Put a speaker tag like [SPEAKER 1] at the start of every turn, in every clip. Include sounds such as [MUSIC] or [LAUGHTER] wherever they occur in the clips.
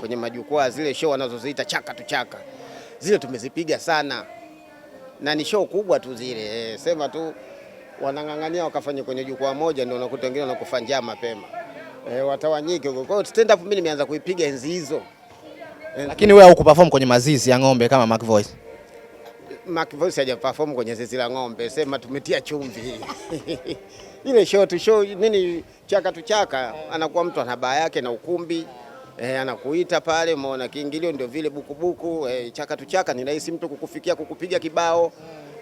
[SPEAKER 1] kwenye majukwaa, zile show wanazoziita chaka tu chaka, zile tumezipiga sana na ni show kubwa tu zile e, sema tu wanang'ang'ania wakafanya kwenye jukwaa moja, ndio unakuta wengine wanakufa njaa mapema e, watawanyike huko. Kwa hiyo stand up mimi nimeanza kuipiga enzi hizo.
[SPEAKER 2] Lakini wewe haukuperform kwenye mazizi ya ng'ombe kama Mac Voice?
[SPEAKER 1] Mac Voice haja perform kwenye zizi la ng'ombe, sema tumetia chumvi [LAUGHS] ile show tu show nini chaka tu chaka, anakuwa mtu ana baa yake na ukumbi E, anakuita pale, umeona kiingilio ndio vile bukubuku e, chaka tu chaka, ni rahisi mtu kukufikia kukupiga kibao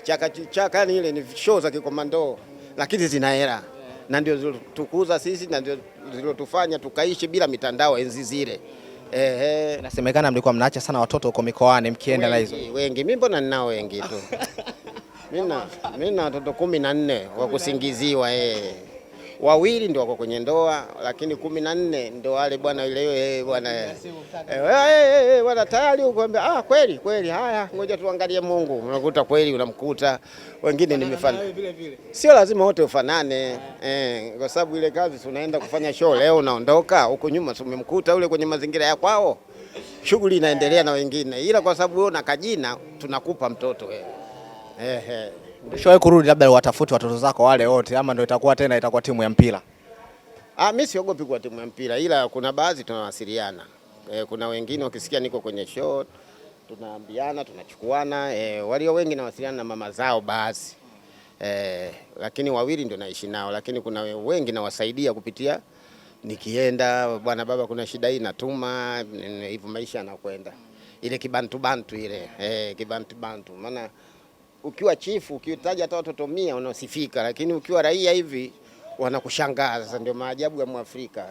[SPEAKER 1] chaka chaka, ni ile ni show za kikomando, lakini zina hela na ndio zilotukuza sisi na ndio zilotufanya tukaishi bila mitandao enzi zile. Ehe,
[SPEAKER 2] nasemekana mlikuwa mnaacha sana watoto huko mikoani mkienda na hizo.
[SPEAKER 1] Wengi mimi mbona ninao wengi tu [LAUGHS] mimi na watoto kumi na nne wa kusingiziwa eh wawili ndio wako kwenye ndoa, lakini kumi na nne ndio wale bwana ile bwana eh, eh, eh, bwana tayari ukwambia, ah, kweli kweli, haya ngoja tuangalie Mungu. Unakuta kweli unamkuta wengine ni mifano, sio lazima wote ufanane eh, kwa sababu ile kazi tunaenda kufanya show leo, unaondoka huko nyuma tumemkuta ule kwenye mazingira ya kwao, shughuli inaendelea na wengine, ila kwa sababu wewe una kajina tunakupa mtoto wewe. Ehe.
[SPEAKER 2] Ushawahi kurudi labda watafute watoto zako wale wote ama ndio itakuwa tena itakuwa timu ya mpira?
[SPEAKER 1] Ah, mimi siogopi kwa timu ya mpira ila kuna baadhi tunawasiliana. E, kuna wengine wakisikia niko kwenye show tunaambiana, tunachukuana. E, walio wengi nawasiliana na mama zao baadhi. Eh, lakini wawili ndio naishi nao, lakini kuna wengi nawasaidia kupitia nikienda bwana baba, kuna shida hii, natuma hivyo, maisha yanakwenda ile kibantu bantu ile, eh, kibantu bantu maana ukiwa chifu ukitaja hata watoto mia unasifika, lakini ukiwa raia hivi wanakushangaza. Ndio maajabu ya Mwafrika.